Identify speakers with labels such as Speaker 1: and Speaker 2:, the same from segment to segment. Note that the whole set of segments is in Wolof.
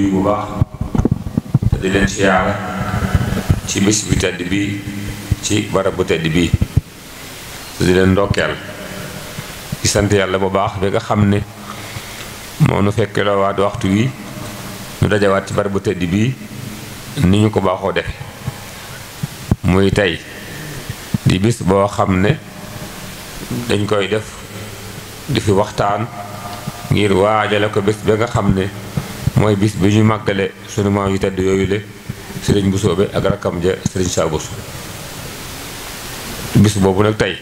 Speaker 1: nuyu bu baax te di leen siyaara ci bis bu tedd bi ci barab bu tedd bi di leen ndokkeel di sant yàlla bu baax bi nga xam ne moo nu fekkee la waat waxtu wi nu dajawaat ci barab bu tedd bi ni ñu ko baaxoo defe muy tey di bis boo xam ne dañ koy def di fi waxtaan ngir waajale ko bés ba nga xam ne mooy bis bi ñu màggale sunu maam yu tedd yooyu le sëriñ bu soobe ak rakkam ja sëriñ saabus bis boobu nag tey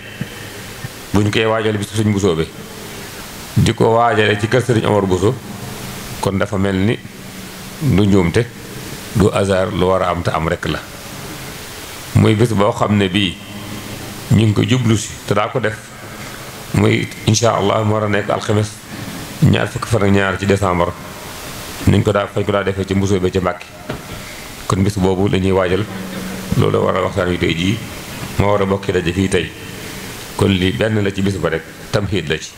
Speaker 1: bu ñu koy waajale ci sëriñ bu soobe di ko waajale ci kër sëriñ Omar Bousso kon dafa mel ni du njuumte du hasard lu war a am te am rekk la muy bis boo xam ne bii ñu ngi ko jublu si te daa ko def muy incha allah mu war a nekk alxames ñaar fukki fan ñaar ci décembre niñ ko daa fañ ko daa defee ci mbusoo bi ci Mbàkke kon bis boobu la waajal loolu war a waxtaan wi tey jii moo war a bokki daje fii tey kon lii benn la ci bis ba rek tamxiit la ci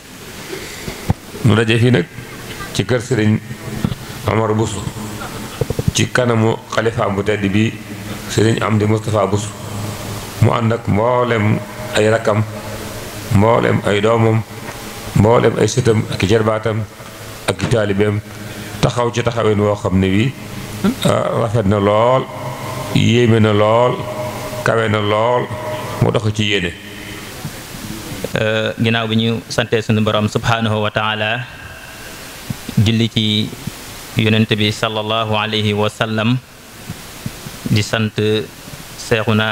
Speaker 1: nu daje fii nag ci kër sëriñ Omar Busu ci kanamu xalifaam bu tedd bi sëriñ Amdi Moustapha Busu mu ànd ak mboolem ay rakkam mboolem ay doomam mboolem ay sëtam ak i jarbaatam ak i taalibeem taxaw ci taxawin woo xam ne wi ah, rafet na lool
Speaker 2: yéeme na lool kawe na lool mu dox ci yéene eh, ginnaaw bi ñu santee sunu borom subhaanahu wa taala julli ci yonent bi sallallahu alayhi wa di sant seexuna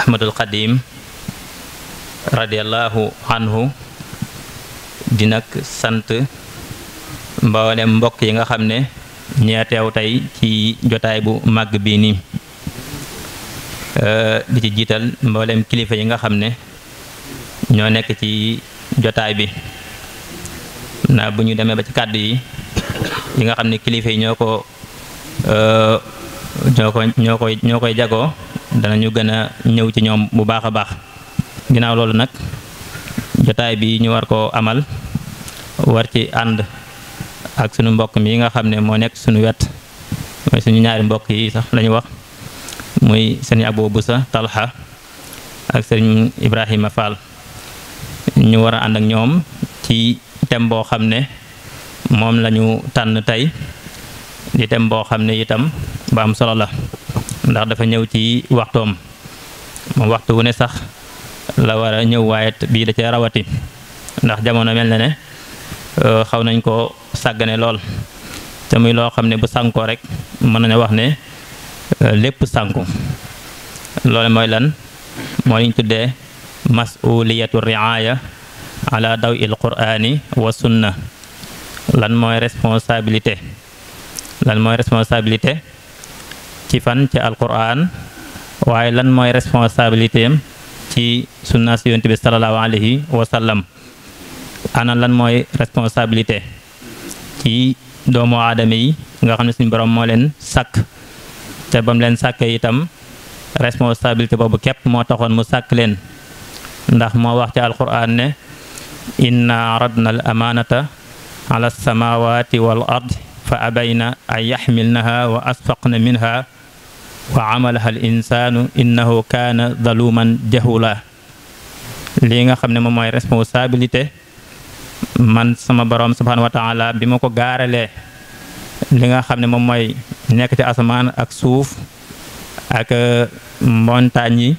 Speaker 2: ahmadul xadim radiallahu anhu di nag sant mboolem mbokk yi nga xam ne ñee teew tey ci jotaay bu màgg bii nii euh, di ci jiital mboolem kilifa yi nga xam ne ñoo nekk ci jotaay bi na bu ñu demee ba ci kàddu yi yi nga xam ne kilifa yi ñoo ko euh, ñoo ko koy ñoo koy jagoo danañu gën a ñëw ci ñoom bu baax a baax ginnaaw loolu nag jotaay bi ñu war koo amal war ci ànd ak suñu mbokk mi nga xam ne moo nekk suñu wet mooy suñu ñaari mbokk yi sax lañu wax muy sëriñ Abou Boussa Talha ak sëriñ Ibrahima Fall ñu war a ànd ak ñoom ci thème boo xam ne moom lañu tànn tey di thème boo xam ne itam ba am solo la ndax dafa ñëw ci waxtoom moom waxtu wu ne sax la war a ñëw waaye bii da cee rawati ndax jamono mel na ne Euh, xaw nañ ko sàggane lool te muy loo xam ne bu sànkoo rek mën nañu wax ne euh, lépp sànku loole mooy lan moo liñ tuddee masuliyatu riaya ala daw il qurani wa sunna lan mooy responsabilité lan mooy responsabilité ci fan ci alquran waaye lan mooy responsabilité ci sunna si yonent bi alayhi wa sallam ana lan mooy responsabilité ci doomu aadama yi nga xam ne suñu borom moo leen sàkk te leen sàkkee itam responsabilité boobu képp moo taxoon mu sàkk leen ndax moo wax ci alquran ne inna aradna al amaanata ala samawati wal ard fa abayna an yaxmilnaha wa asfaqna minha wa amalaha al insaanu innahu kaana zaluman jahula lii nga xam ne moom mooy responsabilité man sama borom subhaanahu wa taala bi ma ko gaaralee li nga xam ne moom mooy nekk ci asamaan ak suuf ak euh, montagne yi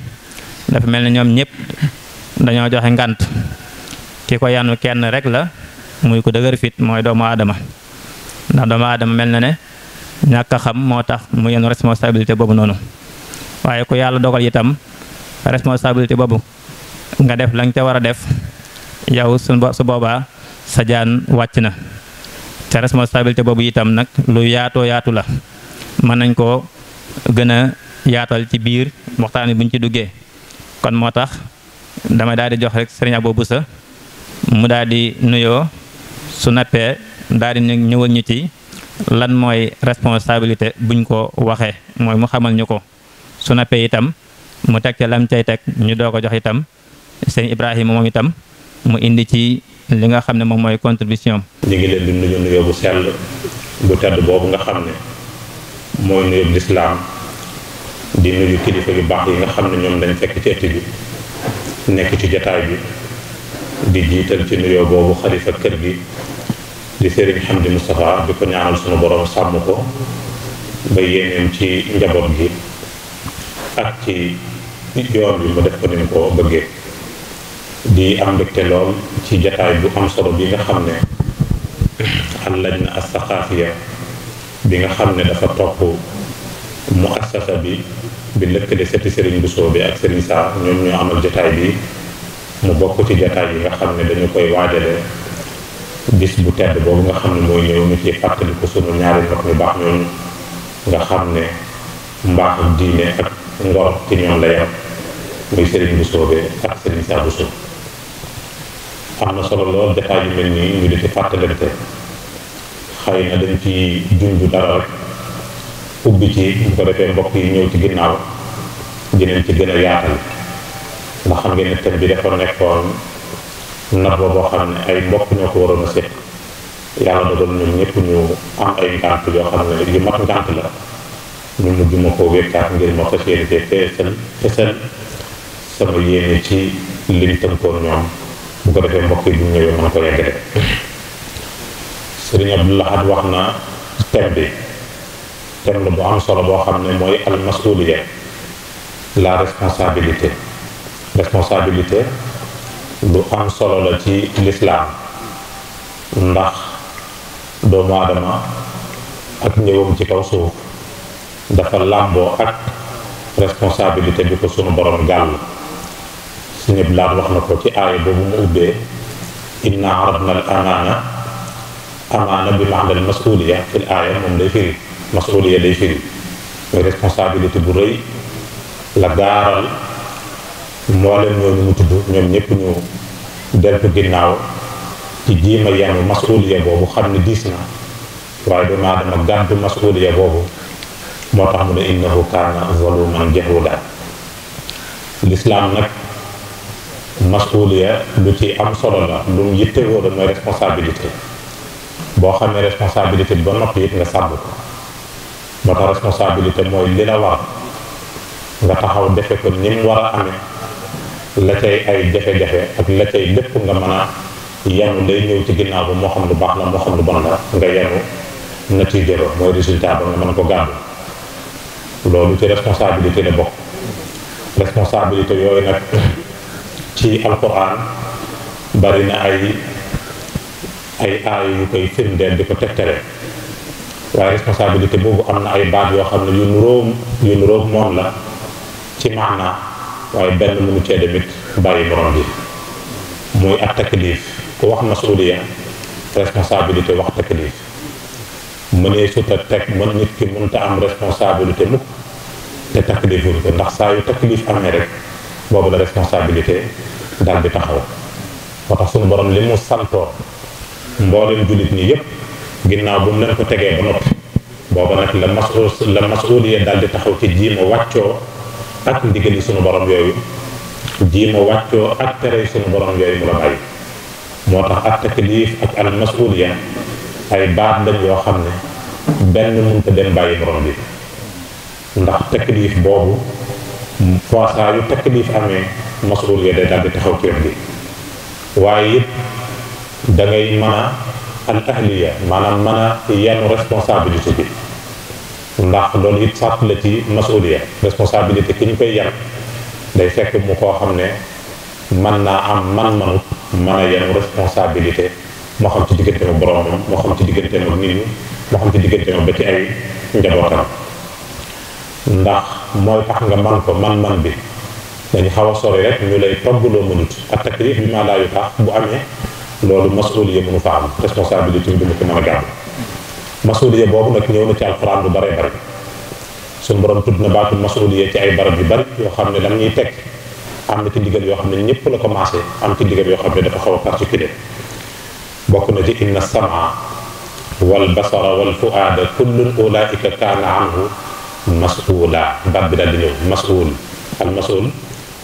Speaker 2: dafa mel ne ñoom ñëpp dañoo joxe ngant ki ko yanu kenn rek la muy ko dëgër fit mooy doomu aadama ndax doomu aadama mel na ne ñàkk xam moo tax mu yenu responsabilité boobu noonu waaye ku yàlla dogal itam responsabilité boobu nga def la nga ca def yow su boobaa sa jaan wàcc na te responsabilité boobu itam nag lu yaatoo yaatu la mën nañ koo gën a yaatal ci biir waxtaan wi buñ ci duggee kon moo tax dama daal di jox rek sëriñ Abou Boussa mu daal di nuyoo su nappee daal di ñëwal ñu ci lan mooy responsabilité buñ ko waxee mooy mu xamal ñu ko su nappee itam mu teg ca lam cay teg ñu doo ko jox itam sëriñ Ibrahima moom itam mu indi ci li nga xam ne moom mooy contribution
Speaker 3: ñu ngi leen di nuyu nuyoo bu sell bu tedd boobu nga xam ne mooy nuyoo lislaam di nuyu kilifa yu baax yi nga xam ne ñoom lañ fekk ci ëtt bi nekk ci jataay bi di jiital ci nuyoo boobu xalifa kër gi di sëriñ Hamdi Moustapha di ko ñaanal sunu borom sàmm ko ba yéeneem ci njaboot gi ak ci yoon bi mu def ko ni mu ko bëggee di am mbégte lool ci jataay bu am solo bi nga xam ne ak lañ na as saqaafiya bi nga xam ne dafa topp mu assasa bi bi lëkkale seti Serigne Bousso bi ak Serigne Sarr amal jataay bi mu bokk ci jataay yi nga xam ne dañu koy waajale bis bu tedd boobu nga xam ne mooy ñëw ñu ci fàttali ko sunu ñaari ndox ne mbaax diine ak ngor ci ñoom la yam muy Serigne am na solo lool jotaay yu mel nii ñu di ci fàttalante xëy na dañ ci junj dara rek ubbi ci bu ko defee mbokk yi ñëw ci ginnaaw dinañ ci gën a yaatal ndax xam ngeen ne thème bi dafa nekkoon nat ba xam ne ay mbokk ñoo ko waroon a seet yàlla dogal ñun ñëpp ñu am ay ngànt yoo xam ne yu mat ngànt la ñu mujj ma koo wékkaat ngir ma fas yéene sama yéene ci liñ tënkoon ñoom bu ko defee mbokk yi bu ñëwee mën ko yeggale sëriñ Abdou Lahad wax na thème bi thème la bu am solo boo xam ne mooy al masuliya la responsabilité responsabilité lu am solo la ci lislaam ndax doomu aadama ak ñëwam ci kaw suuf dafa làmboo ak responsabilité bi ko sunu borom gàll suñu blaat wax na ko ci aaya boobu mu ubbee inna arabna al amaana amaana bi maanal masuuliya fil aaya moom day firi masuuliya day firi mooy responsabilité bu rëy la gaaral mboolem ñooñu mu tudd ñoom ñëpp ñu deltu ginnaaw ci jiima yanu masuuliya boobu xam ne diis na waaye doomu aadama gàddu masuuliya boobu moo tax mu ne innahu kaana zaluman jahuuda lislaam nag masuliya lu ci am solo la lu mu yittewoo la mooy responsabilité boo xamee responsabilité ba noppi it nga sàmm ko moo tax la war taxaw defe ni mu war a la cay ay jafe-jafe ak la cay lépp nga man a yenu lay ñëw ci ginnaaw bi moo xam lu baax la moo xam lu bon nga yenu na ciy jëloo mooy résultat ba nga mën ko gàddu loolu ci responsabilité la bokk responsabilité yooyu nag ci alquran bari na ay ay aay yu koy firndeel di ko tegtale waaye responsabilité boobu am na ay baat yoo xam ne yu nuróom yu nuróom moom la ci maana waaye benn mënu cee demit bari borom bi muy ak taklif ku wax masuuliya responsabilité wax taklif mënee suta teg mu nit ki te am responsabilité mukk te takliful ko ndax saa yu taklif amee rek boobu la responsabilité dal di taxaw moo tax suñu borom li mu santoo mboolem jullit nii yépp ginnaaw bu mu leen ko tegee ba noppi booba nag la masul la masuliya daal di taxaw ci jiima wàccoo ak ndigali suñu borom yooyu jiima wàccoo ak tere suñu borom yooyu mu la bàyyi moo tax ak taklif ak al masuliya ay baat lañ yoo xam ne benn mënta dem bàyyi borom bi ndax taklif boobu foo saa yu taklif amee masul ya day daal di taxaw ci bi waaye it da ngay a al ahliya maanaam a yenn responsabilité bi ndax loolu it sàpp la ci masuliya responsabilité ki ñu koy yan day fekk mu koo xam ne mën naa am man-manut mën a yenn responsabilité moo xam ci diggante ma boromam moo ci diggante ma nit ñi moo xam ci diggante ma ba ci ay njabootam ndax mooy tax nga man ko man-man bi dañu xaw a sori rek ñu lay togg loo mënut ak taklif bi maa laayu tax bu amee loolu masuliya mënu fa am responsabilité bi mu ko mën a gàddu masuliya boobu nag ñëw na ci alxuraan lu baree bari suñu borom tudd na baatul masuliya ci ay barab yu bari yoo xam ne lam ñuy teg am na ci ndigal yoo xam ne ñëpp la commencé am ci ndigal yoo xam ne dafa xaw a particulier bokk na ci inna samaa wal basara wal fuaada kullun ulaika kaana anhu masula baat bi daal di ñëw masul al masul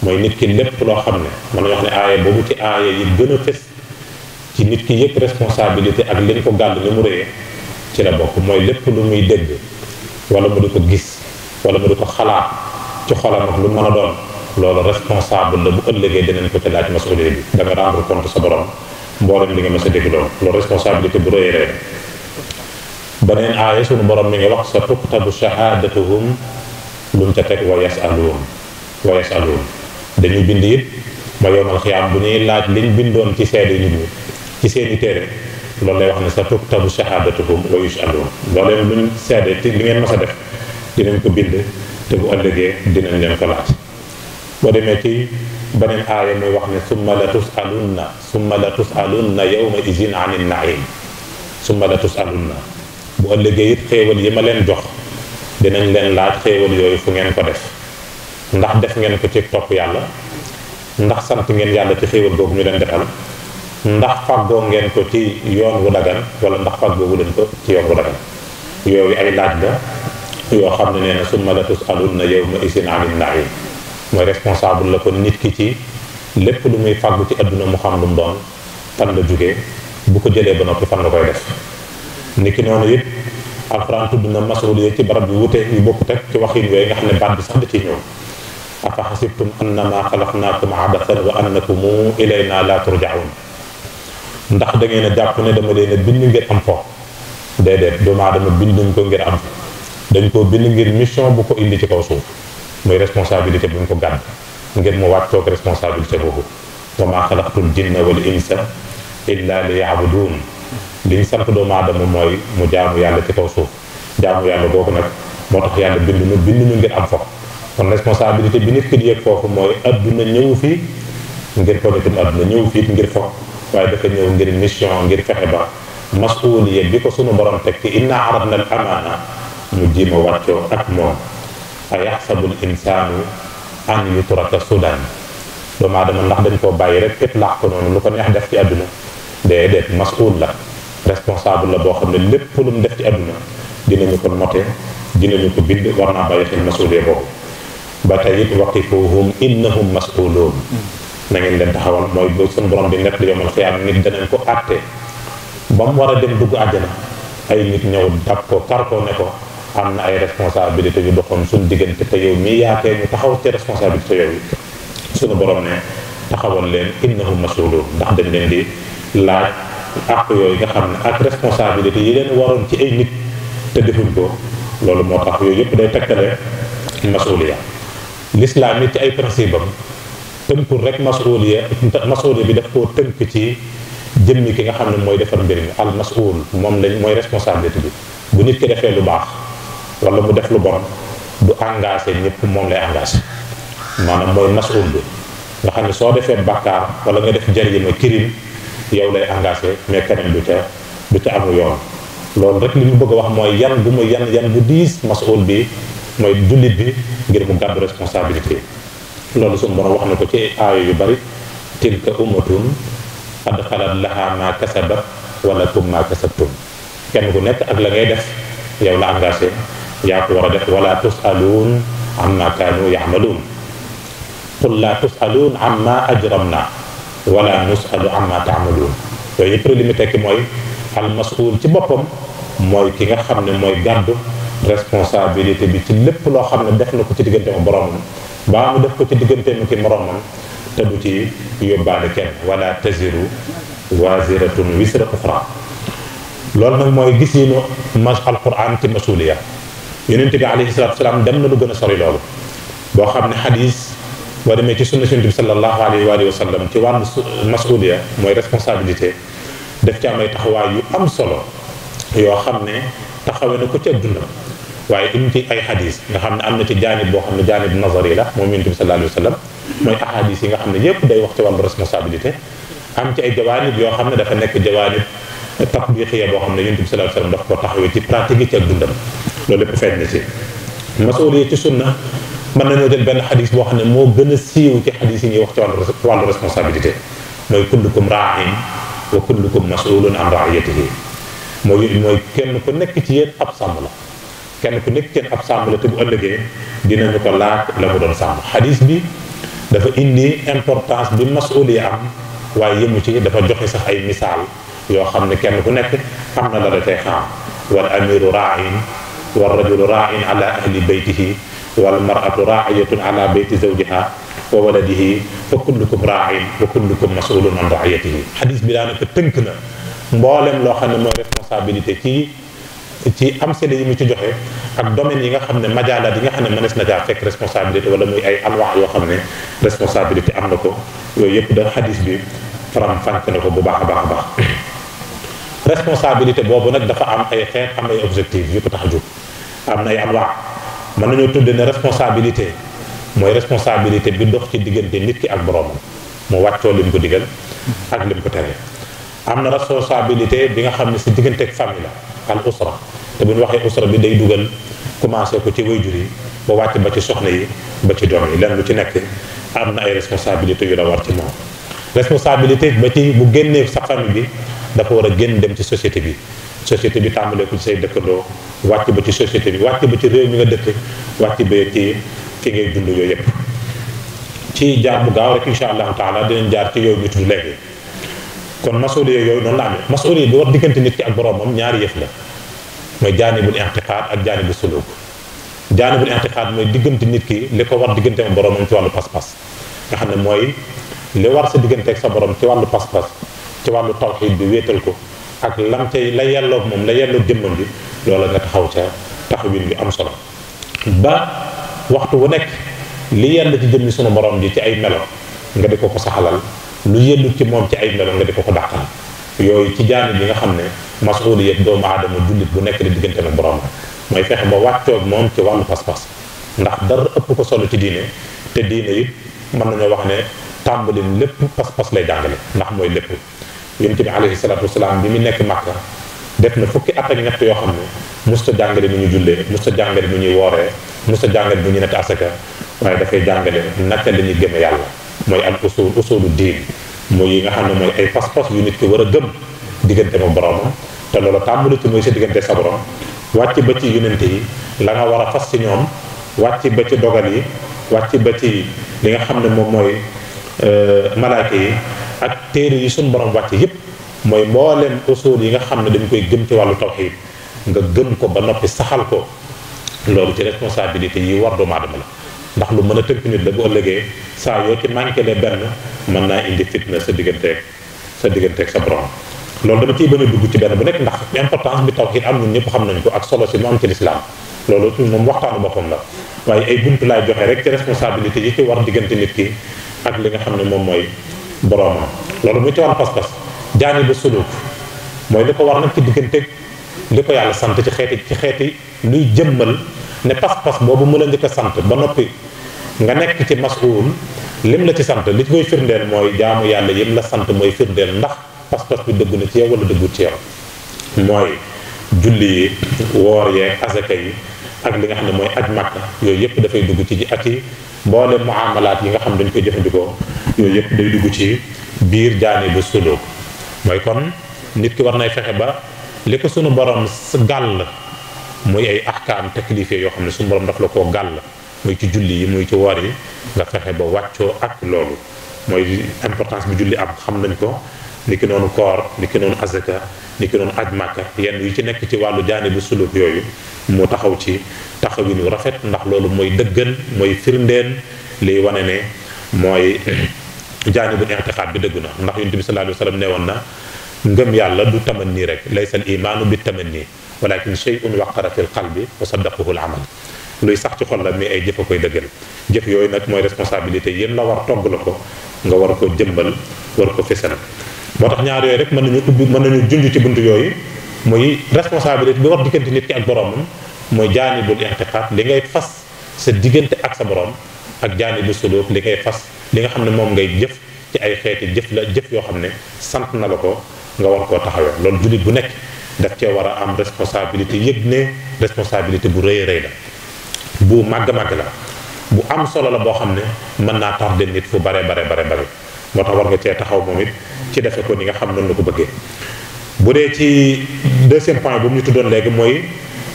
Speaker 3: mooy nit ki lépp loo xam ne mën nañu wax ne aaya boobu ci aaya yi gën a fës ci nit ki yëpp responsabilité ak li ñu ko gàll ni mu réyee ci la bokk mooy lépp lu muy dégg wala mu di ko gis wala mu di ko xalaat ci xolam ak lu mën a doon loolu responsable la bu ëllëgee dinañ ko ci laaj masulee bi da nga rendre compte sa borom mboolem li nga mës a dégg loolu loolu responsabilité bu réy rek beneen aaya sunu borom mi ngi wax sa tuktabu shahaadatuhum lu mu ca teg wa yasaluun wa yasaluun dañuy bind it ba yomal bu ñuy laaj liñ bindoon ci seede nit ñi ci seeni téere loolu lay wax ne sa tuktabu shahaadatuhum wa yusaluun looleen luñ seede ci li ngeen mas a def dinañ ko bind te bu ëllëgee dinañ leen ko laaj demee ci beneen aaya muy wax ne summa la tusalunna summa la tusalunna yawma izin anin naim summa la tusalunna bu ëllëgee it xéewal yi ma leen jox dinañ leen laaj xéewal yooyu fu ngeen ko def ndax def ngeen ko ci topp yàlla ndax sant ngeen yàlla ci xéewal boobu ñu leen defal ndax fàggoo ngeen ko ci yoon wu dagan wala ndax fàggoo wu leen ko ci yoon wu dagan yooyu ay laaj la yoo xam ne nee na summa la tusalunna yawma isin anin naim mooy responsable la kon nit ki ci lépp lu muy fàggu ci àdduna mu xam lu mu doon fan la jóge bu ko jëlee ba noppi fan la koy def niki noonu it alxuraan tudd na masuuliya ci barab yu wute yu bokkut ak ci waxin yooyu nga xam ne baat bi sax da ciy ñëw afa xasibtum annama xalaqnaakum abathan wa annakum ilayna la turjaun ndax da ngeen a jàpp ne dama leen a bind ngir am fo déedéet doomu aadama binduñ ngir am dañ koo bind ngir mission bu ko indi ci kaw suuf muy responsabilité bu ñu ko gàdd ngir mu wàccoog responsabilité boobu wa maa xalaqtul jinna wal insa illa li yaabudun li ñu sant doomu aadama mooy mu jaamu yàlla ci kaw suuf jaamu yàlla boobu nag moo tax yàlla bind nu bind nu ngir am fa kon responsabilité bi nit ki di yëg foofu mooy adduna ñëw fii ngir kon itam adduna waaye dafa ñëw ngir mission ngir fexe ba masuuliya bi ko sunu borom teg ci inna arabna al amaana mu jiima wàccoo ak moom a yaxsabu l insaanu an yutraka sudan doomu aadama ndax dañ koo bàyyi rek it laax ko noonu lu ko neex def ci àdduna mas masuul la responsable la boo xam ne lépp lu mu def ci àdduna dinañu ko noté dinañu ko bind war naa bàyyi xel masuulee boobu ba tey it waqifuhum innahum masuuloon na ngeen leen taxawal mooy bu suñu borom di nett li yomal xiyaam nit danañ ko mu war a dem dugg àjjana ay nit ñëw dab ko kar ko ne ko am na ay responsabilité yu doxoon suñu diggante te yow mii yaatee ñu taxaw ci responsabilité yooyu suñu borom ne taxawal leen innahum masuuloon ndax dañ leen di laaj àq yooyu nga xam ne ak responsabilité yi leen waroon ci ay nit te defuñ ko loolu moo tax yooyu yëpp day tegtale masuuliya lislaam yi ci ay principe am tënkul rek masuuliya masuuliya bi daf koo tënk ci jëmmi ki nga xam ne mooy defar mbir mi al masuul moom lañ mooy responsabilité bi bu nit ki defee lu baax wala mu def lu bon du engagé ñëpp moom lay engagé maanaam mooy masuul bi nga xam ne soo defee bàkkaar wala nga def jarima kirim yow lay engagé mais keneen du ca amu yoon loolu rek li ñu wax mooy yan bu mu yan yan bu diis masul bi mooy jullit bi ngir mu gàddu responsabilité loolu suñu borom wax na ko ci aayo yu bari tilka ummatun qad xalat laha ma kasabat wala kum ma kasabtum kenn ku nekk ak la ngay def yow la engagé yaa ko war a def wala tusaluun amma kaanu yaamaluun qul la tusaluun amma ajramna wala nusalu amma taamaluun yooyu yëpp li mu tekki mooy al masuul ci boppam mooy ki nga xam ne mooy gàddu responsabilité bi ci lépp loo xam ne def na ko ci diggante mu boromam baa mu def ko ci digganteem ki moromam te du ci yóbbaale kenn wala taziru waziratun wisra uxra loolu nag mooy gis yi nu mas alquran ci masuliya yonente bi alayhi salatu wasalaam dem na lu gën a sori loolu boo xam ne xadis boo demee ci sunna Yonent bi sallallahu alayhi wa ci am ay taxawaay yu am solo yoo xam ne taxawe na ko ci adduna waaye indi ci ay xadis nga xam ne am na ci jaanib boo xam ne jaanib la bi sallallahu alayhi wa sallam mooy ahadis yi nga xam ne yépp day wax ci wàllu responsabilité am ci ay jawaanib yoo xam ne dafa nekk jawaanib tatbiqiya boo xam ne Yonent bi sallallahu alayhi wa sallam daf ko taxawee ci pratique yi ci ak dundam loolu lépp feeñ na ci masuuliya ci sunna mën nañoo jël benn xadis boo xam ne moo gën a siiw ci xadis yi ñuy wax ci wàllu wàllu responsabilité mooy kullukum raain wa kullukum masulun an raiyatihi mooy mooy kenn nekk ci yéen ab sàmm la kenn ku nekk ci ab sàmm ëllëgee dinañu ko laaj doon sàmm xadis bi dafa indi importance bi masuul am waaye yëmu ci dafa joxe sax ay misaal yoo xam ne kenn ku nekk am na la la tey xam wal amiru raain wa rajulu raain ala ahli baytihi wal mar'atu ra'iyatun ala bayti zawjiha wa waladihi fa kullukum ra'in wa kullukum mas'ulun an ra'iyatihi xadis bi daanaka tënk na mboolem loo xam ne mooy responsabilité ci ci am seede yi mu ci joxe ak domaine yi nga xam ne majaalaat yi nga xam ne mënees na caa fekk responsabilité wala muy ay anwaax yoo xam ne responsabilité am na ko yooyu yëpp da xadis bi faram fànk na ko bu baax a baax a baax responsabilité boobu nag dafa am ay xam am ay objectif yu ko tax a jóg am na ay anwaax mën nañoo tudde ne responsabilité mooy responsabilité bi dox ci diggante nit ki ak boroomam mu wàccoo lim ko digal ak lim ko tere am na responsabilité bi nga xam ne si diggante ak famille la al usra te bu ñu waxee usra bi day dugal commencé ko ci wayjur yi ba wàcc ba ci soxna yi ba ci doom yi lenn lu ci nekk am na ay responsabilité yu la war ci moom responsabilité ba ci bu génnee sa famille bi dafa war a génn dem ci société bi société bi tàmbalee ko ci say dëkkandoo wàcc ba ci société bi wàcc ba ci réew mi nga dëkk wàcc ba ci ki ngay dund yooyu yëpp ci jaar bu gaaw rek incha allahu taala dinañ jaar ci yooyu bi tudd léegi kon masuliya yooyu noonu la amee masuliya bi war diggante nit ki ak boroomam ñaar yëf la mooy jaanibul intiqaad ak jaanibul suluk jaanibul intiqaad mooy diggante nit ki li ko war diggante ak boroomam ci wàllu pas-pas nga xa ne mooy li war sa diggante sa borom ci wàllu pas ci wàllu tawxiid bi wéetal ko ak lam cay la yelloog moom la yelloog jëmmam bi loola nga taxaw ca taxawin bi am solo ba waxtu wu nekk li yell ci jëmmi sunu borom ji ci ay melo nga di ko ko saxalal lu yellut ci moom ci ay melo nga di ko ko dàqal yooyu ci jaani bi nga xam ne masuuliyat doomu aadama jullit bu nekk di diggante na borom mooy fexe ba wàccoog moom ci wàllu pas-pas ndax dara ëpp ko solo ci diine te diine it mën nañoo wax ne tàmbali lépp pas-pas lay jàngale ndax lépp yonent bi alayhi salaatu wasalaam bi mu nekk Makka def na fukki at ak ñett yoo xam ne musta jàngale nu ñu jullee musta jàngale nu ñuy wooree musta jàngale nu ñu nett asaka waaye dafay jàngale naka la ñuy yàlla mooy al usul usulu diin mooy yi nga xam ne mooy ay pas-pas yu nit ki war a gëm diggante ma boromam te loolu tàmbali ci mooy sa diggante sa borom wàcc ba ci yonent yi la nga war a fas ci ñoom wàcc ba ci dogal yi wàcc ba ci li nga xam ne moom mooy euh, malaaka ak téere yi suñu borom wàcce yépp mooy mbooleem usul yi nga xam ne dañu koy gëm ci wàllu tawxiid nga gëm ko ba noppi saxal ko loolu ci responsabilité yi war doomu aadama la ndax lu mën a tënk nit la bu ëllëgee saa yoo ci manqué le benn mën naa indi fitna sa digganteeg sa digganteeg sa borom loolu dama ciy bañ a dugg ci benn bu nekk ndax importance bi tawxiid am ñun ñëpp xam nañ ko ak solo si mu am ci lislaam loolu moom waxtaanu boppam la waaye ay buntu laay joxe rek ci responsabilité yi ci war diggante nit ki ak li nga xam ne moom mooy boroomam loolu muy ci wàllu pas-pas jaani bu suluk mooy li ko war nag ci digganteeg li ko yàlla sant ci xeeti ci xeeti luy jëmmal ne pas-pas boobu mu la njëkk a sant ba noppi nga nekk ci masuul lim la ci sant li ci koy firndeel mooy jaamu yàlla yim la sant mooy firndeel ndax pas-pas bi dëgg na ci yow wala dëggul ci yow mooy julli yi woor yeeg asaka yi ak li nga xam ne mooy aj màkk yooyu yëpp dafay dugg ci ji ak yi mboole boole muamalaat yi nga xam dañ koy jëfandikoo yooyu yëpp day dugg ci biir jaani bu suluk mooy kon nit ki war nay fexe ba li ko sunu borom gàll muy ay ahkaam taklife yoo xam ne sunu borom daf la ko gàll muy ci julli yi muy ci woor yi nga fexe ba wàccoo ak loolu mooy importance bi julli am xam nañ ko ni ki noonu koor ni ki noonu azaka ni ki noonu aj màkka yenn yu ci nekk ci wàllu jaani bu suluk yooyu mu taxaw ci taxawin wu rafet ndax loolu mooy dëggan mooy firndeen liy wane ne mooy jaani bu ixtiqaat bi dëggu na ndax yonent bi sallallahu alayhi wa sallam ne woon na ngëm yàlla du nii rek laysa al imaanu bi tamanni walakin shay'un waqara fi l qalbi wa saddaqahu al amal luy sax ci xol la mais ay jëf a koy dëggal jëf yooyu nag mooy responsabilité yéen la war togg la ko nga war ko jëmbal war ko fesal moo tax ñaar yooyu rek mën nañu ubbi mën nañu junj ci bunt yooyu muy responsabilité bi war diggante nit ki ak boroomam mooy jaanibul intiqaat li ngay fas sa diggante ak sa boroom ak jaani bu suluk li ngay fas li nga xam ne moom ngay jëf ci ay xeeti jëf la jëf yoo xam ne sant na la ko nga war koo taxawee loolu jullit bu nekk daf cee war a am responsabilité yëg ne responsabilité bu rëy a rëy la bu màgg-màgg la bu am solo la boo xam ne mën naa tardé nit fu bare bare bare bare moo tax war nga cee taxaw moom it ci defe ko ni nga xam noonu ko bëggee bu dee ci deuxième point bu mu ñu tuddoon léegi mooy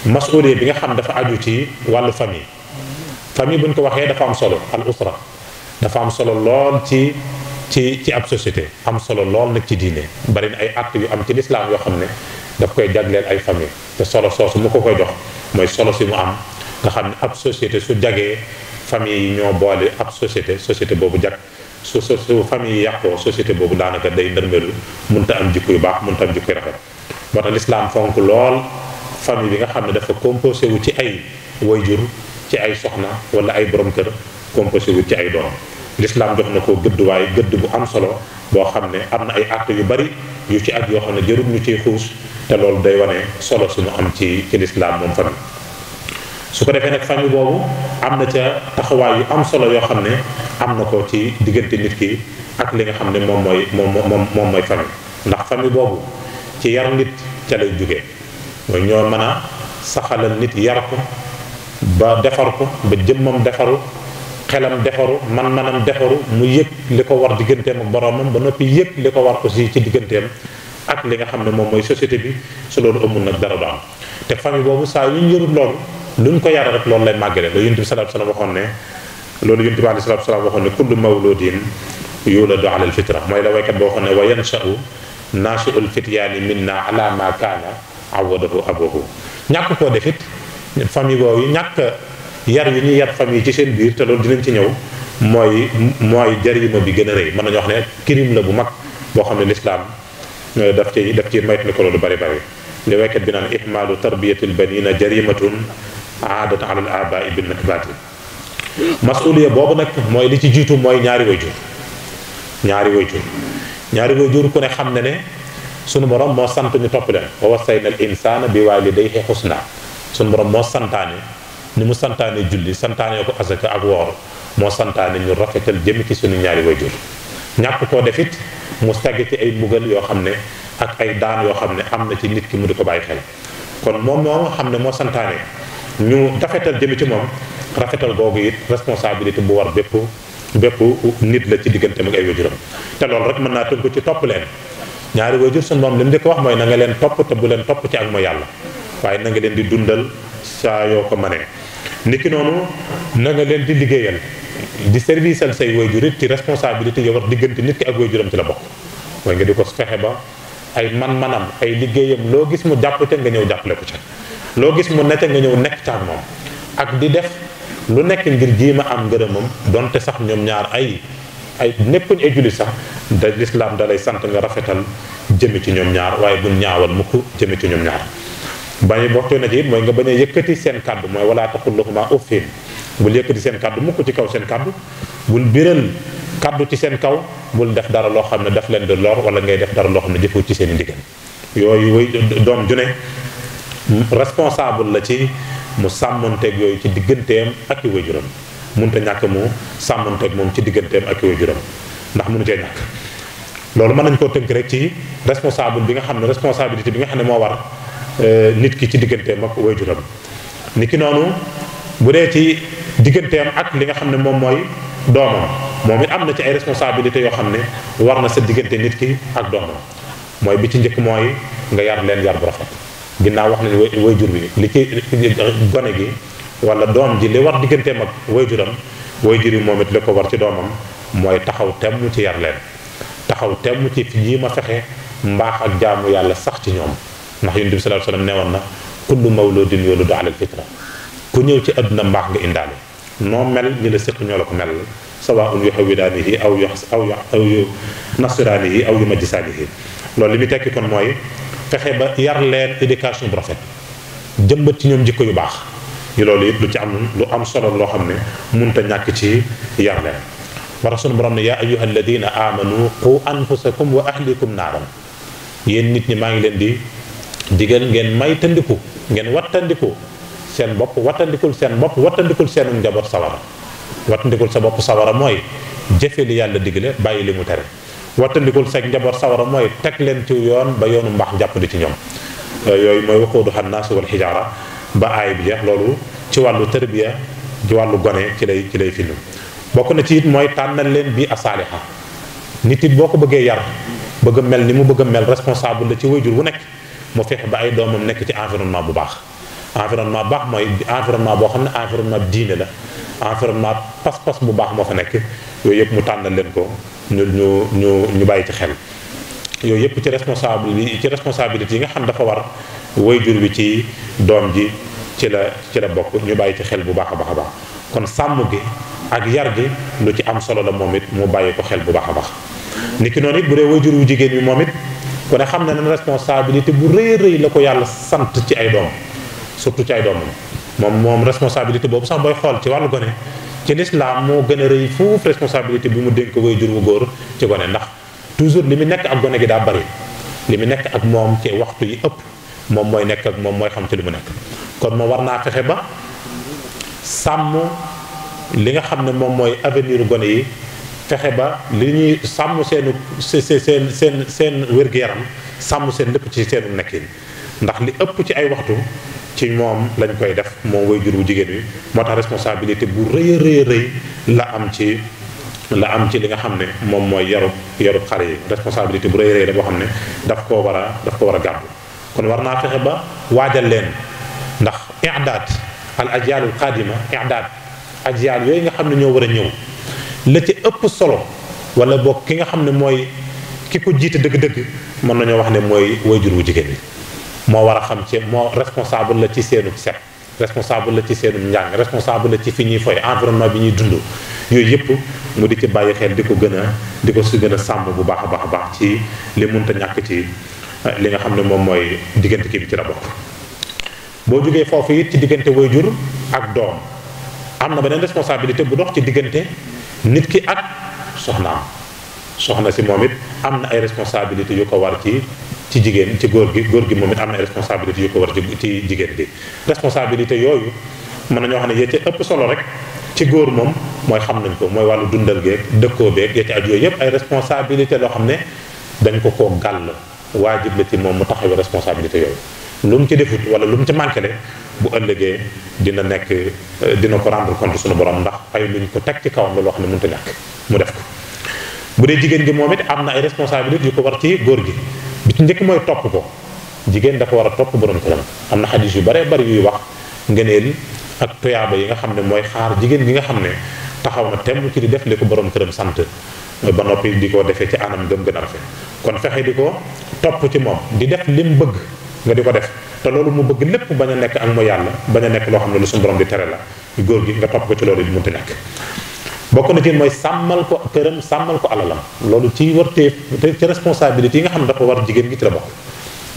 Speaker 3: masuulee bi nga xam dafa aju ci wàllu famille famille bu ñu ko waxee dafa am solo al usra dafa am solo lool ci ci ci ab société am solo lool nag ci diine bari na ay actes yu am ci lislaam yoo xam ne daf koy jagleel ay famille te solo soosu mu ko koy jox mooy solo si mu am nga xam ne ab société su jagee famille yi ñoo boole ab société société boobu jag su su su famille yi yàqoo société boobu daanaka day ndërmelu munta am jikko yu baax munta am jikko yu rafet moo tax lislaam fonk lool famille bi nga xam ne dafa composé ci ay wayjur ci ay soxna wala ay borom kër composé wu ci ay doom l'islam jox na ko gëdduwaay gëdd bu am solo boo xam ne am na ay acte yu bari yu ci ak yoo xam ne jërul ñu ciy xuus te loolu day wane solo suñu am ci ci l'islam moom famille su ko defee nag famille boobu am na ca taxawaay yu am solo yoo xam ne am na ko ci diggante nit ki ak li nga xam ne moom mooy moom moom moom mooy famille ndax famille boobu ci yar nit ca lay jóge mooy ñoo mën a saxalal nit yar ko ba defar ko ba jëmmam defaru xelam defaru man-manam defaru mu yëg li ko war digganteem ak boroomam ba noppi yëg li ko war aussi ci digganteem ak li nga xam ne moom mooy société bi su loolu amul nag dara du te famille boobu saa yu ñu yërut loolu luñ ko yara rek loolu lay màggale la yonent bi salaatu salaam waxoon ne loolu yonent bi alayhi salaatu salaam waxoon ne kullu mawludin yuladu ala alfitra mooy la waykat boo xam ne wa yanshau naashiul fityaani minna ala ma kaana awadahu abuhu ñàkk koo defit famille boobu ñàkk yar yu ñuy yar famille ci seen biir te loolu dinañ ci ñëw mooy mooy jariñu bi gën a rëy mën nañu wax ne crime la bu mag boo xam ne lislaam euh, daf ci daf ci maytu ni ko loolu bari bari li waykat bi naan ihmaalu tarbiyatil banina jarimatun aadat ala al abaai bin nakbaati masuliya boobu nag mooy li ci jiitu mooy ñaari wayjur ñaari wayjur ñaari wayjur ku ne xam ne ne sunu borom moo sant ñu topp leen wa wasayna al insaana bi waalidayhi xusna suñu borom moo santaane ni mu santaane julli santaane ko asaka ak woor moo santaane ñu rafetal jëm ci suñu ñaari wayjur ñàkk koo defit mu tagg ci ay mbugal yoo xam ne ak ay daan yoo xam ne am na ci nit ki mu di ko bàyyi xel kon moom moo nga xam ne moo santaane ñu rafetal jëm ci moom rafetal googu it responsabilité bu war bépp bépp nit la ci digganteem ak ay wajuram te loolu rek mën naa tënk ci topp leen ñaari wajur suñu moom li mu di ko wax na leen topp te bu leen topp ci ak mooy waaye na nga leen di dundal saa yoo ko mënee ki noonu na nga leen di liggéeyal di service al say waajur it ci responsabilité yo war diggante nit ki ak waajuram ci la bokk mooy nga di ko fexe ba ay man-manam ay liggéeyam loo gis mu jàpp ca nga ñëw jàppale ko ca loo gis mu nete nga ñëw nekk ca moom ak di def lu nekk ngir jiima am ngërëmam donte sax ñoom ñaar ay ay nekkuñ ay jullit sax da islaam dalay lay sant nga rafetal jëme ci ñoom ñaar waaye buñ ñaawal mukk jëme ci ñoom ñaar bañ bokkoon na ci it mooy nga bañ a yëkkati seen kàddu mooy wala taqul lahumaa uffin bul yëkkati seen kàddu mukk ci kaw seen kàddu bul biral kàddu ci seen kaw bul def dara loo xam ne daf leen di lor wala ngay def dara loo xam ne jëfoo ci seen i ndigal yooyu way doom ju ne responsable la ci mu sàmmanteeg yooyu ci digganteem ak i waajuram mënut a ñàkk mu sàmmanteeg moom ci digganteem ak i waajuram ndax mënu cee ñàkk loolu mën nañ koo tënk rek ci responsable bi nga xam ne responsabilité bi nga xam ne moo war Euh, nit ki ci digganteem ak juram ni ki noonu bu dee ci digganteem ak li nga xam ne moom mooy doomam moom it am na ci ay responsabilités yoo xam ne war na sa diggante nit ki ak doomam mooy bi ci njëkk mooy nga yar leen yar bu rafet ginnaaw wax nañu jur bi li ci gone gi wala doom ji li war digganteem ak waajuram waajur yi moom it li ko war ci doomam mooy taxaw temm ci yar leen taxaw temm ci fi ñii ma fexe mbaax ak jaamu yàlla sax ci ñoom ndax yonent bi sallallahu alayhi ne woon na kullu mawludin yuladu ala alfitra ku ñëw ci adduna mbaax nga indaale noo mel ñi la séq ñoo la ko mel sawaun yu xawidaanihi aw yu aw yu aw yu nasiraanihi aw yu majisaanihi loolu li mu tekki kon mooy fexe ba yar leen éducation bu rafet jëmbat ci ñoom jikko yu baax yu loolu it lu ci am lu am solo loo xam ne munta ñàkk ci yar leen ba tax sunu borom ne yaa ayuha alladina amanu qu anfusakum wa ahlikum naaran yéen nit ñi maa ngi leen di digal ngeen may tandiku ngeen wattandiku seen bopp wattandikul seen bopp wattandikul seenu njaboot sawara wattandikul sa bopp sawara mooy jëfe li yàlla digle bàyyi li mu tere wattandikul seen njaboot sawara mooy teg leen ci yoon ba yoonu mbaax jàppandi ci ñoom euh, yooyu mooy waxuudu xan naasu wal xijaara ba aay bi jeex loolu ci wàllu tërbiya ci wàllu gone ci lay ci lay findu bokk na ci it mooy tànnal leen bii asaaliha nit it boo ko bëggee yar bëgg mel ni mu bëgg mel responsable la ci jur bu nekk mu fexe ba ay doomam nekk ci environnement bu baax environnement baax mooy environnement boo xam ne environnement diine la environnement pas-pas bu baax moo fa nekk yooyu yëpp mu tànnal leen ko ñu ñu ñu ñu bàyyi ci xel yooyu yëpp ci responsable ci responsabilité yi nga xam dafa war jur bi ci doom ji ci la ci la bokk ñu bàyyi ci xel bu baax a baax a baax kon sàmm gi ak yar gi lu ci am solo la moom it mu bàyyi ko xel bu baax a baax niki noonu it bu dee waajur wu jigéen bi moom it ku ne xam na ne responsabilité bu rëy rëy la ko yàlla sant ci ay doom surtout ci ay doomam moom moom responsabilité boobu sax booy xool ci wàllu gone ci lislaam moo gën a rëy fuuf responsabilité bi mu dénk woy jur wu góor ci gone ndax toujours li mu nekk ak gone gi daa bari li mu nekk ak moom ci waxtu yi ëpp moom mooy nekk ak moom mooy xam ci li mu nekk kon moom war naa fexe ba sàmm li nga xam ne moom mooy avenir gone yi fexe ba li ñuy sàmm seenu seen seen seen wér-gu-yaram sàmm seen lépp ci seenu nekkin ndax li ëpp ci ay waxtu ci moom lañ koy def moom way jur bu jigéen wi moo tax responsabilité bu rëy rëy rëy la am ci la am ci li nga xam ne moom mooy yarub yarub xale yi responsabilité bu rëy rëy xam ne daf koo war a daf ko war a gàddu kon war naa fexe ba waajal leen ndax i'daad al ajyaalul qaadima i'daad ajyaal yooyu nga xam ne ñoo war a ñëw la ca ëpp solo wala boog ki nga xam ne mooy ki ko jiite dëgg-dëgg mën nañoo wax ne mooy wayjur wu jigéen bi moo war a xam ci moo responsable la ci seenu set responsable la ci seenu njàng responsable la ci fi ñuy fooy environnement bi ñuy dund yooyu yëpp mu di ci bàyyi xel di ko gën a di ko su gën a sàmm bu baax a baax a baax ci li mënta ñàkk ci eh, li nga xam ne moom mooy diggante kii bi ci la bokk boo jógee foofu it ci diggante jur ak doom am na beneen responsabilité bu dox ci diggante nit ki ak soxnaam soxna si moom it am na ay responsabilité yu ko war ci ci jigéen ci góor gi góor gi moom it am na ay responsabilité ko war ci jigéen bi responsabilité yooyu mën nañoo xam ne yee ci ëpp solo rek ci góor moom mooy xam nañ ko mooy wàllu dundal geeg dëkkoo beeg yee ci yooyu yëpp ay responsabilité loo xam ne dañ ko koo gàll waajib la ci moom mu taxawee responsabilité yooyu lu mu ci defut wala lu mu ci manqué le bu ëllëgee dina nekk euh, dina ko rendre compte suñu borom ndax ay luñ ko teg ci kawam la loo xam ne mun a ñàkk mu def ko bu dee jigéen gi moom it am na ay responsabilités yu ko war ci góor gi bi njëkk mooy topp ko jigéen dafa war a topp borom këram am na xadis yu baree bari yuy wax ngëneel ak toyaaba yi nga xam ne mooy xaar jigéen gi nga xam ne taxaw na temm ci di def li ko borom këram sant ba noppi di ko defee ci anam gëm gën a rafet kon fexe di ko topp ci moom di def lim bëgg nga di ko def te loolu mu bëgg lépp bañ a nekk ak mooy yàlla bañ a nekk loo xam ne lu suñu borom di tere la góor gi nga topp ko ci loolu di munti nekk bokk na ci mooy sàmmal ko këram sàmmal ko alalam loolu ci warteef ci responsabilité yi nga xam ne dafa war jigéen gi ci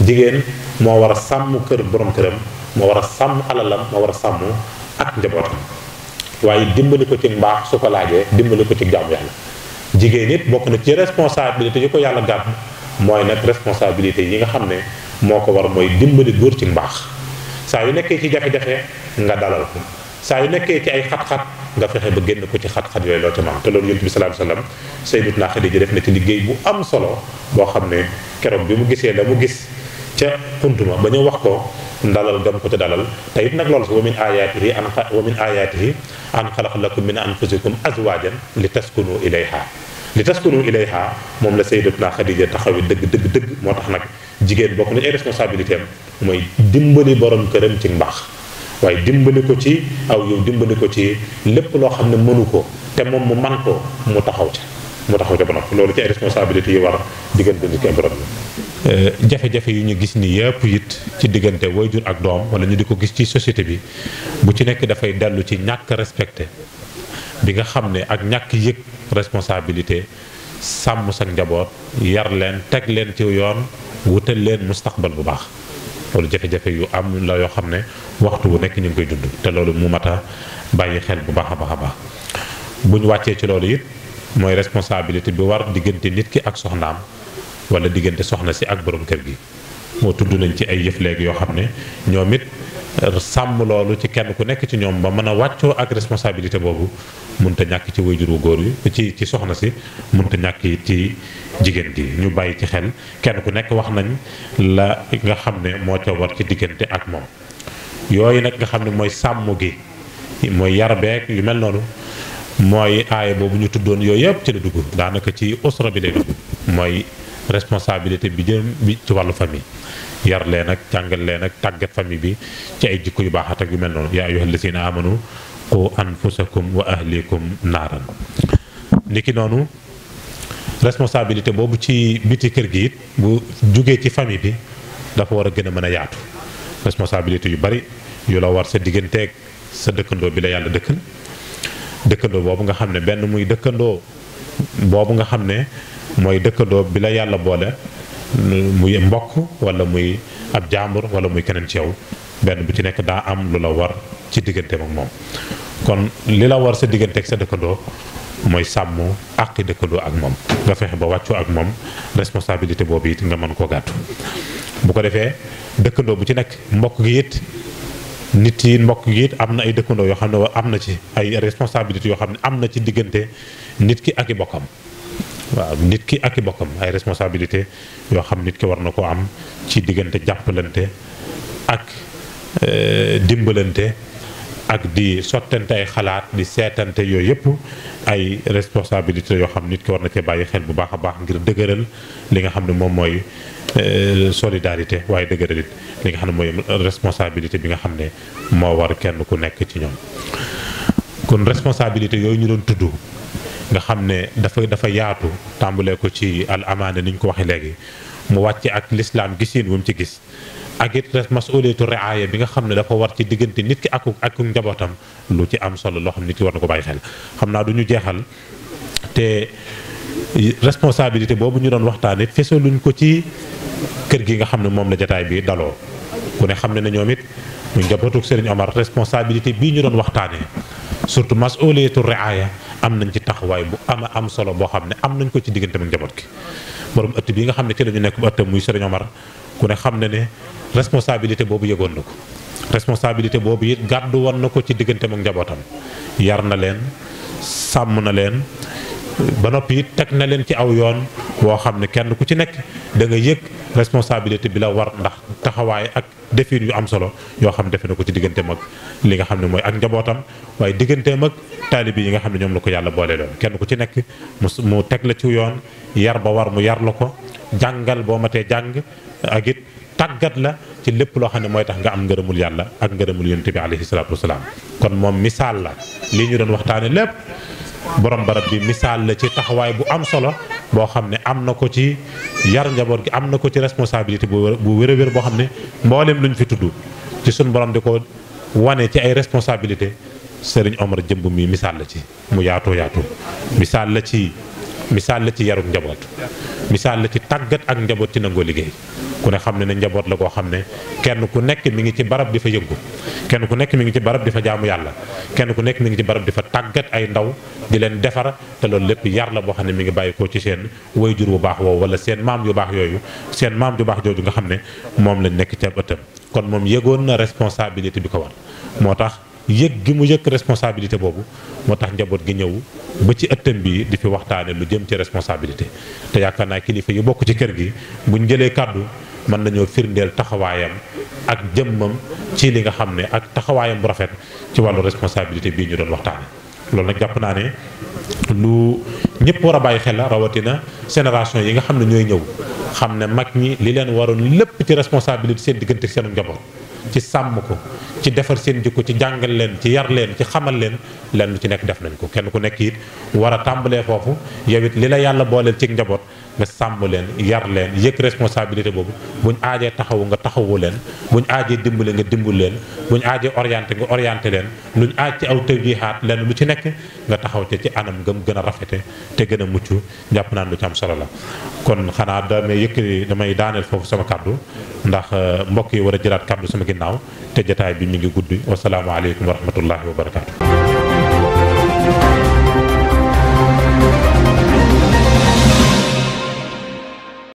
Speaker 3: jigéen moo war a sàmm kër borom këram moo war a sàmm alalam moo war a sàmm ak njabootam waaye dimbali ko ci mbaax su ko laajee ko ci jaamu yàlla jigéen it bokk na ci responsabilité yi yàlla gàdd mooy nag responsabilité yi nga xam ne moo ko war mooy dimbali góor ci mbaax saa yu nekkee ci jafe-jafe nga dalal ko saa yu nekkee ci ay xat-xat nga fexe ba génn ko ci xat-xat yooyu loo ca man te loolu yonent bi salaam salaam sayyidatuna Xadiija def na ci liggéey bu am solo boo xam ne keroog bi mu gisee la mu gis ca xuntuma ba ñu wax ko ndalal gam ko ca dalal te it nag loolu si wa min ayaatihi an wa la ayaatihi an xalaqa lakum min anfusikum azwaajan li taskunu ilayha li taskunu ilayha moom la sayyidatuna Xadiija taxawi dëgg dëgg dëgg moo tax nag jigéen bokk na ay responsabilité am mooy dimbali borom këram ci mbaax waaye dimbali ko ci aw yow dimbali ko ci lépp loo xam ne mënu ko te moom mu man ko mu taxaw ca mu taxaw ca loolu ci ay responsabilité yi war diggante nit ki borom euh, jafe ñu gis ni yëpp it ci diggante wayjur ak doom wala ñu di ko gis ci société bi bu ci nekk dafay dellu ci ñàkk respecté bi nga xam ne ak ñàkk yëg responsabilité sàmm sa njaboot yar leen teg leen ci yoon wutal leen mustaqbal bu baax loolu jafe-jafe yu am la yoo xam ne waxtu wu nekk ñu ngi koy dund te loolu mu mat a bàyyi xel bu baax a baax a baax bu ñu wàccee ci loolu it mooy responsabilité bi war diggante nit ki ak soxnaam wala diggante soxna si ak borom kër gi moo tudd nañ ci ay yëf léegi yoo xam ne ñoom it sàmm loolu ci kenn ku nekk ci ñoom ba mën a wàccoo ak responsabilité boobu mun mënta ñàkk ci wayjur wu góor yi ci ci soxna si mënta ñàkk it ci jigéen gi ñu bàyyi ci xel kenn ku nekk wax nañ la nga xam ne moo ca war ci diggante ak moom yooyu nag nga xam ne mooy sàmm gi mooy yarbeeg yu mel noonu mooy aaya boobu ñu tuddoon yooyu yëpp ci la dugg daanaka ci usra bi mooy responsabilité bi jëm bi ci wàllu famille yar leen ak jàngal leen ak tàggat famille bi ci ay jikko yu baax ak yu mel noonu yaa ayyuhal lazina amanu qu anfusakum wa ahlikum naaran niki noonu responsabilité boobu ci biti kër gi bu jógee ci famille bi dafa war a gën a mën a yaatu responsabilité yu bari yu la war sa digganteeg sa dëkkandoo bi la yàlla dëkkal dëkkandoo boobu nga xam ne benn muy dëkkandoo boobu nga xam ne mooy dëkkandoo bi la yàlla boole muy mbokk wala muy ab jàmbur wala muy keneen ci yow benn bu ci nekk daa am lu la war ci diggante ak moom kon li la war sa digganteeg sa dëkkandoo mooy sàmm àqi dëkkandoo ak moom nga fexe ba wàccoo ak moom responsabilité boobu it nga mën koo gàttu bu ko defee dëkkandoo bu ci nekk mbokk gi it nit yi mbokk gi it am na ay dëkkandoo yoo xam ne am na ci ay responsabilités yoo xam ne am na ci diggante nit ki ak i bokkam waaw nit ki ak i bokkam ay responsabilité yoo xam nit ki war na ko am ci diggante jàppalante ak euh, dimbalante ak di sottante ay xalaat di seetante yooyu yëpp ay responsabilité yoo xam nit ki war na cee bàyyi xel bu baax a baax ngir dëgëral li nga xam ne moom mooy euh, solidarité waaye dëgëral it li nga xam ne mooy responsabilité bi nga xam ne moo war kenn ku nekk ci ñoom kon responsabilité yooyu ñu doon tudd nga xam ne dafa dafa yaatu tàmbalee ko ci al amaana ni ñu ko waxee léegi mu wàcce ak lislaam gisiin wu mu ci gis ak it masuuliyatu riaaya bi nga xam ne dafa war ci diggante nit ki akuk akuk njabootam lu ci am solo loo xam nit ki war na ko bàyyi xel xam naa du ñu jeexal te responsabilité boobu ñu doon waxtaan it fese luñ ko ci kër gi nga xam ne moom la jataay bi daloo ku ne xam ne ne ñoom it ñu njabootuk Serigne Omar responsabilité bii ñu doon waxtaanee surtout masuuliyatu riaaya am nañ ci taxawaay bu ama am solo boo xam ne am nañ ko ci diggante ak njaboot gi borom ëtt bi nga xam ne ci la ñu nekk bu ëttam muy Serigne Omar ku ne xam ne ne responsabilité boobu yëgoon na ko responsabilité boobu it gàddu woon na ko ci diggante ak njabootam yar na leen sàmm na leen ba noppi it teg na leen ci aw yoon woo xam ne kenn ku ci nekk da nga yëg responsabilité bi la war ndax taxawaay ak defin yu am solo yoo xam ne defe na ko ci diggante mag li nga xam ne mooy ak njabootam waaye diggante mag taalibi yi nga xam ne ñoom la ko yàlla boole loon kenn ku ci nekk mu teg la ci yoon yar ba war mu yar la ko jàngal boo matee jàng ak it tàggat la ci lépp loo xam ne mooy tax nga am ngërëmul yàlla ak ngërëmul yonent bi alayhi salaatu wasalaam kon borom barab bi misaal la ci taxawaay bu am solo boo xam ne am na ko ci yar njaboot gi am na ko ci responsabilité bu bu wér a wér boo xam ne mboolem lu ñu fi tudd ci sunu borom di ko wane ci ay responsabilité sëriñ Omar jëmb mi misaal la ci mu yaatoo yaatu misaal la ci misaal la ci yaruk njaboot misaal la ci tàggat ak njaboot ci nangoo liggéey ku ne xam ne ne njaboot la koo xam ne kenn ku nekk mi ngi ci barab di fa yëngu kenn ku nekk mi ngi ci barab di fa yàlla kenn ku nekk mi ngi ci barab di tàggat ay ndaw di leen defar te loolu lépp yar la boo xam ne mi ngi bàyyi ko ci seen jur bu baax woowu wala seen maam yu baax yooyu seen maam yu baax jooju nga xam ne moom lañ nekk ca ëttam kon moom yëgoon na responsabilité bi ko war moo tax yëg gi mu yëg responsabilité boobu moo tax njaboot gi ñëw ba ci ëttam bii di fi waxtaane lu jëm ci responsabilité te yaakaar naa kilifa yi bokk ci kër gi buñ jëlee kàddu mën nañoo firndeel taxawaayam ak jëmmam ci li nga xam ne ak taxawaayam bu rafet ci wàllu responsabilité bii ñu doon waxtaane loolu nag jàpp naa ne lu ñëpp war a bàyyi xel la rawatina sénération yi nga xam ne ñooy ñëw xam ne mag ñi li leen waroon lépp ci responsabilité seen diggante seen njaboot ci sàmm ko ci defar seen jikko ci jàngal leen ci yar leen ci xamal leen lenn lu ci nekk def nañ ko kenn ku nekk it war a tàmbalee foofu yow it li la yàlla booleel ci njaboot nga sàmm leen yar leen yëg responsabilité boobu buñ aajee taxawu nga taxawu leen buñ dimb leen nga dimbal leen buñ aajee orienté nga orienté leen luñ aaj ci aw tawjihaat leen lu ci nekk nga taxaw ci ci anam nga gën a rafete te gën a mucc jàpp naan lu ci am solo la kon xanaa damay yëkkati damay daaneel foofu sama kàddu ndax euh, mbokk yi war a jëlaat kàddu sama ginnaaw te jataay bi mi ngi guddi wasalaamaaleykum wa rahmatullahi wa barakatu